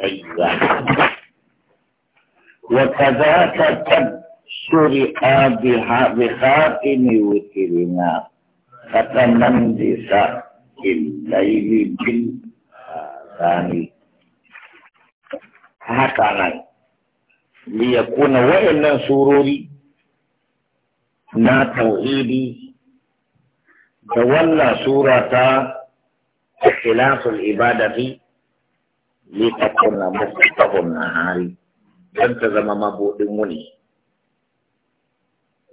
عزا وكذاك قد شرع بخاتم وترنا ختما بساق الليل بالآذان هكذا ليكون وإن سروري na tauhidi da wannan sura ta ikhlasul ibadati na litakuna na nahari dan ta zama mabuɗin wuni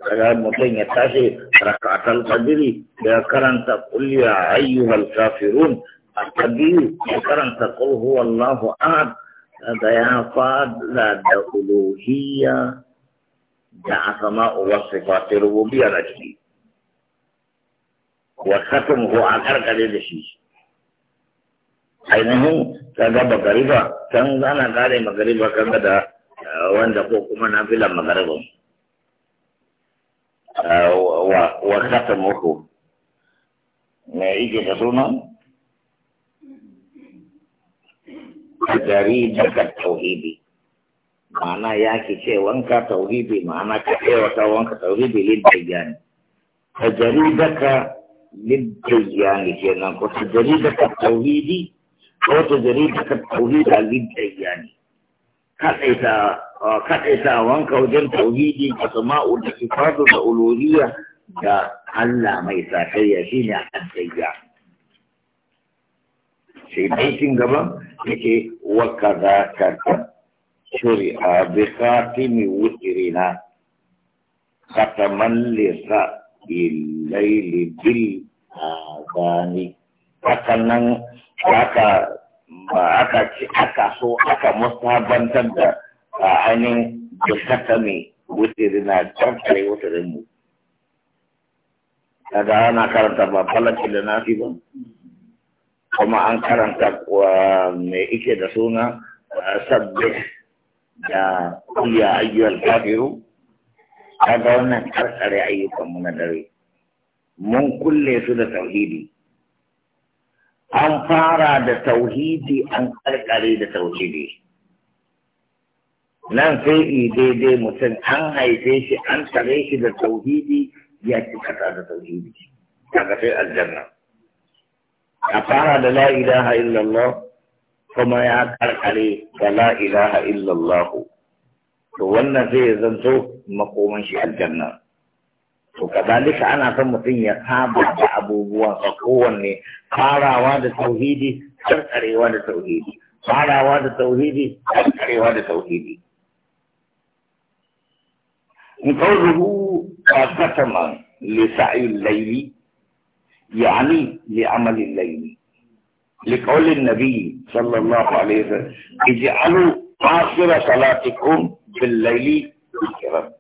kaga mutum ya tashi raka'atul fajri da karanta qul ya ayyuhal kafirun akabiyu ya karanta qul huwallahu ahad da ya fada da uluhiyya da asma'u was sifatu rububiyyah da shi wa khatamuhu a karkare da shi ainihin kaga magariba can ana kare magariba kaga da ah, wanda ko kuma na filan magaribin ah, wa kasa muku me ike da suna jarida ka tauhidi ma'ana ya ke ce wanka tauhidi ma'ana ka ce wata wanka tauhidi liddayyani ka jarida ka liddayyani kenan ko ta jarida ka tauhidi wata jarida ka tauhid a lidda ne kaɗaita wanka wajen tauhidi asma'u da sifatu da uluhiyya da Allah mai sakayya a addayya sai baitin gaba yake waka kaza ka shuri'a bi khatimi wutrina khataman li sa'il a gani. adani hakanan haka aka ci aka so aka musabantar da ainihin jikata mai wutiri na tsarkare wutirin mu daga ana karanta ba falaki da nafi ba kuma an karanta mai ike da suna sabbin da kuliya ayyuwar kafiru daga wannan tsarkare ayyukan mu na dare mun kulle su da tauhidi an fara da tauhidi an karkare da tauhidi nan sai i daidai mutum an haife shi an tare shi da tauhidi ya ci kasa da tauhidi daga sai aljanna a fara da la ilaha illallah kuma ya karkare da la ilaha illallah to wannan zai zanto makoman shi aljanna to kazalika ana son mutum ya saba da abubuwan a kowanne farawa da tauhidi karkarewa da tauhidi farawa da tauhidi karkarewa da tauhidi in qawluhu qasatan li sa'i al-layli يعني لعمل الليل لقول النبي صلى الله عليه وسلم اجعلوا آخر صلاتكم بالليل ذكرا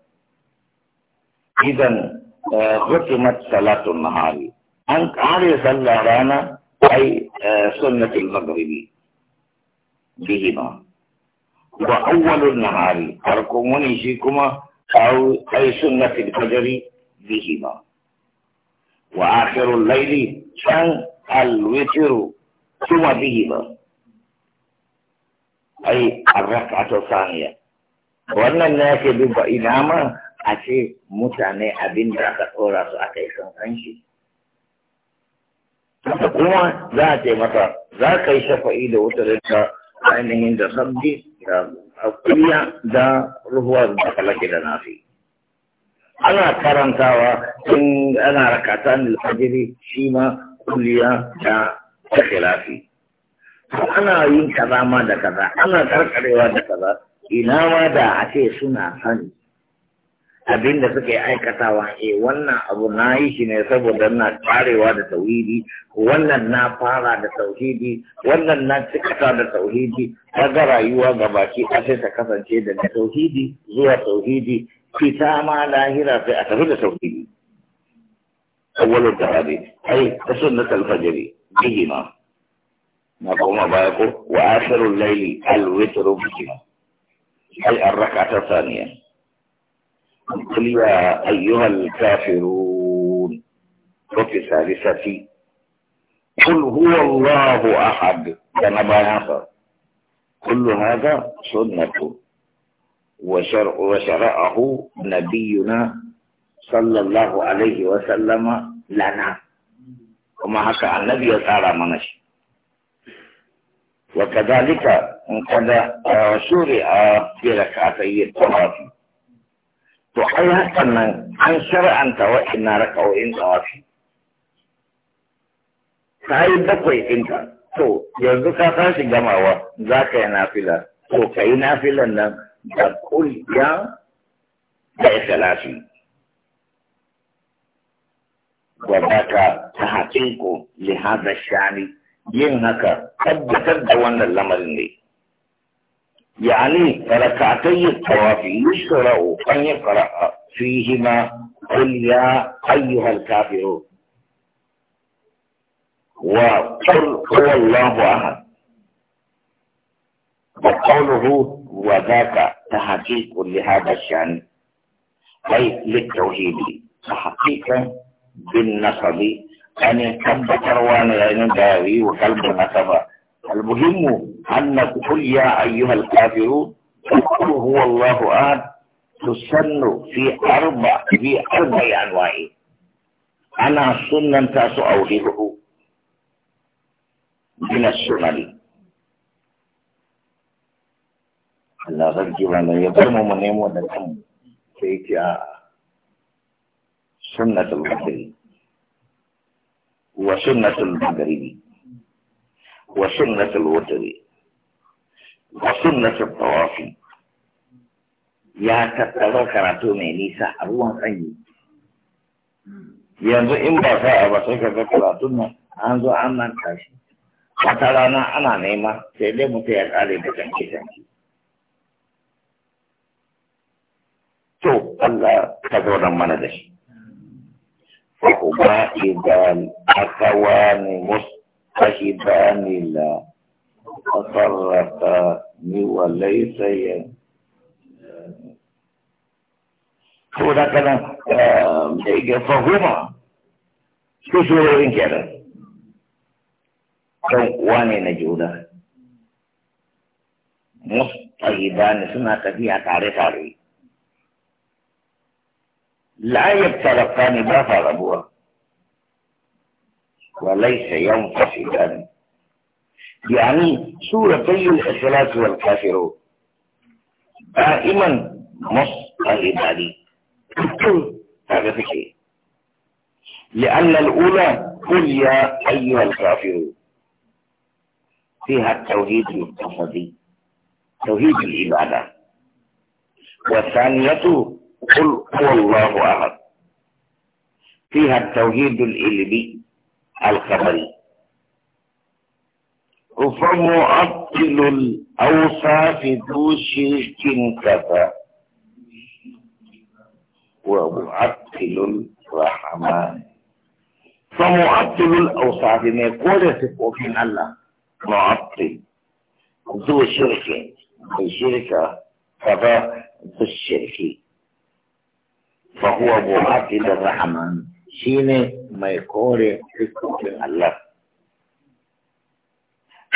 إذا ختمت صلاة النهار أن قال صلى رانا أي آه، سنة المغرب بهما وأول النهار أركموني شيكما أو أي سنة الفجر بهما وآخر الليل كان الوتر ثم بهما أي الركعة الثانية وأن الناس بما ce mutane abin da aka tsora su aka yi kankan shi kuma za a ce masa za ka yi shafa'i da wutar da ainihin da sabbi da akuliya da ruhuwa da kalaƙe da nafi ana karantawa in ana rakata ne alfajiri shi ma kuliya da khilafi ana yin kaza ma da kaza ana karkarewa da kaza ina ma da a ce suna sani abin da suka yi aikatawa eh wannan abu na yi shi ne saboda na karewa da tauhidi wannan na fara da tauhidi wannan na cikata da tauhidi daga rayuwa gabaki a sai ta kasance daga tauhidi zuwa tauhidi fita ma lahira sai a tafi da tauhidi awwalul tahari ai talfajiri fajri ma na koma baya ko wa asirin layli al-witru ai raka ta saniya قل يا أيها الكافرون وفي ثالثة قل هو الله أحد كما بيان كل هذا سنة وشرع وشرعه نبينا صلى الله عليه وسلم لنا وما حكى النبي عليه منش وكذلك قد شرع في ركعتي الطواف to ai hakan nan an shar'anta wa'ina raka'o'in tsawafi ta yi bakwai ɗinka to yanzu ka tashi gamawa za ka yi nafila to ka yi nafilan nan da kulya da ikhlasi ka ta haƙinku li hada shani yin haka tabbatar da wannan lamarin ne يعني ركعتي الطواف يشرع أن يقرأ فيهما قل يا أيها الكافرون وقل هو الله أحد وقوله وذاك تحقيق لهذا الشأن أي للتوحيد تحقيقا بالنصب أن يعني يكب كروان العين يعني داوي وقلب النصب المهم أن قل يا أيها الكافرون قل هو الله أحد تسن في أربع في أربع أنواع أنا سنة تاس من السنن أنا رجي وانا يبرم من يمو نتم فيتيا سنة المغرب وسنة المغربي وسنة الوتر وسنة الطواف يا تتذكر تومي نيسا أروان أي yanzu in ba sa ba sai ka ga karatun nan an zo an nan tashi wata rana ana nema sai dai mutum ya kare da to Allah mana da shi musu أشهدان لا تصرفان وليس ين هناك آه، فهما شو سورين كده كم طيب، واني نجوده مستهدان سنة تبيع تاري تاري لا يبتلقاني بفر أبوه وليس ينفصلا يعني سورتي الإخلاص والكافرون دائما نص العبادي هذا فكري لأن الأولى قل يا أيها الكافرون فيها التوحيد المقتصدي توحيد العبادة والثانية قل هو الله أحد فيها التوحيد الإلبي الخبري فمعطل الأوصاف ذو شرك كفى ومعطل الرحمن فمعطل الأوصاف ما يقول في الله معطل ذو شرك الشرك كفى ذو الشرك فهو معطل الرحمن شينه mai kore rikokin Allah.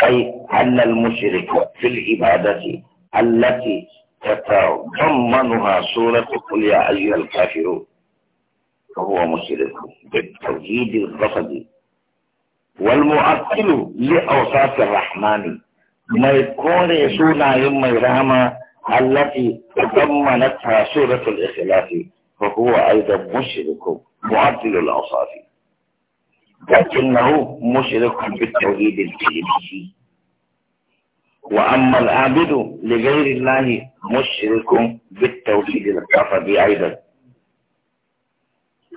أي أن المشرك في العبادة التي تتضمنها سورة قل يا أيها الكافرون فهو مشرك بالتوحيد الرصدي والمؤكل لأوصاف الرحمن ما يكون يسونا يوم رحمة التي تضمنتها سورة الإخلاف فهو أيضا مشرك معدل الأوصاف لكنه مشرك بالتوحيد الكلمي وأما العابد لغير الله مشرك بالتوحيد الكفري أيضا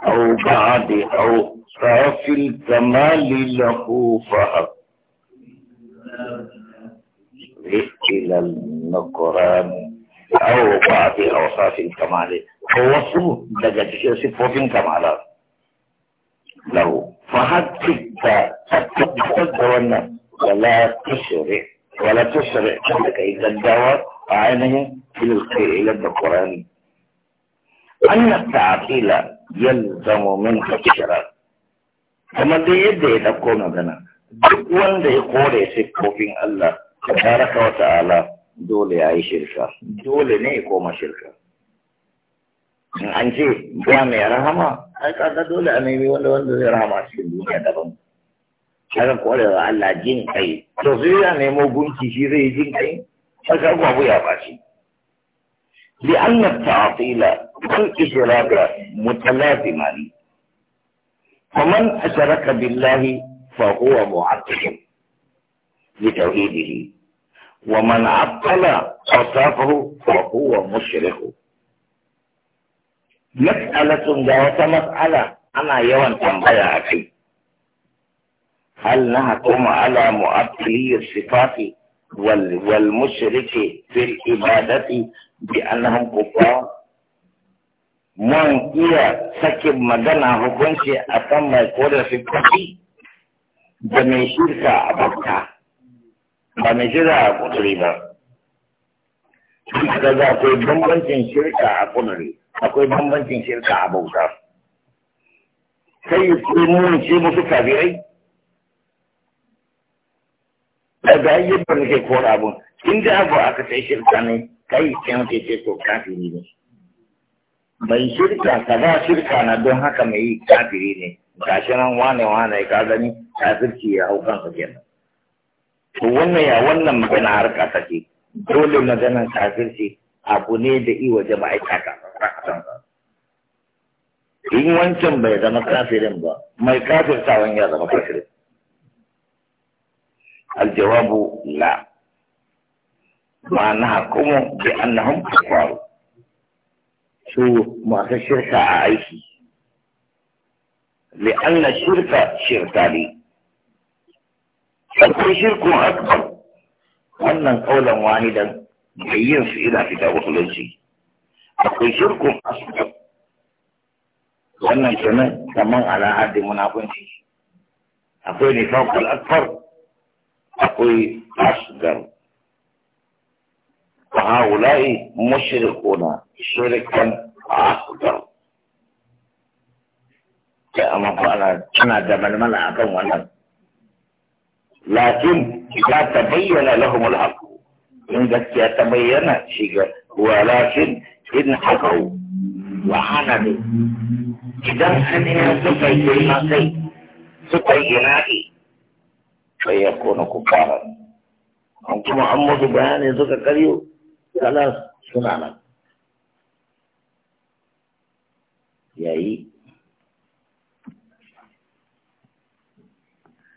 أو بعد أو صرف الكمال له فهب إلى النكران أو بعد أوصاف الكمال ko wasu daga cikin siffofin kamala lahu fa hakki da tabbatar da wannan wala tushri wala tushri kada kai dawa a ainihin filin kai da qur'ani anna ta'tila yalzamu min hakira kamar dai yadda ya dauko magana duk wanda ya kore siffofin Allah tabaraka wa ta'ala dole ya yi shirka dole ne ya koma shirka in an ce ba Saya kata tu lah, dole a nemi wanda wanda zai rahama cikin pun. Saya haka kwarewa Allah jin kai to sai ya nemo gunki shi zai jin kai Di babu ta'atila, bashi لأن التعطيل والإشراك متلازمان فمن أشرك fahuwa فهو Di لتوحيده Waman abtala, أصافه fahuwa مشرك mas'alatun da wata mas'ala ana yawan tambaya a kai hal na hakuma ala mu'abdiliyar sifati wal wal mushriki fil ibadati bi annahum kuffar mun iya sakin magana hukunci akan mai koda sifati da mai shirka a bakka ba mai shirka a kuduri ba. Kaga akwai bambancin shirka a kuduri. akwai bambancin shirka a bauta sai yi tsimunin ce musu kabirai yi yadda nake kora abun in da abu aka sai shirka ne kai kyan ke ce to kafiri ne bai shirka ka ba shirka na don haka mai yi kafiri ne shi nan wane wane ka gani zirki ya hau kansa kenan to wannan ya wannan magana harka ce dole maganar kafirci abu ne da iwa jama'a ka in wancan bai zama kafirin ba mai kafirtawan ya zama kafirin aljawabu la ma'ana hukumu bi annahun kwaro su masu shirka a aiki li'anna shirka shirka ne akwai shirkun akbar wannan kaulan wahidan bai yin su ina fita musulunci akwai shirkun akbar wannan kenan kaman ala haddi munafunci akwai nifaqul akbar akwai asgar fa haula'i mushrikuna shirkan asgar sai amma ko ana tana da malmala akan wannan lakin ta bayyana lahum alhaq in gaskiya ta bayyana shi ga walakin in haqau wa hanani idan hannun suka yi masai suka yi na'i sai ya kona ku fara. an kuma an musu bayanai suka karyo kalas suna nan yayi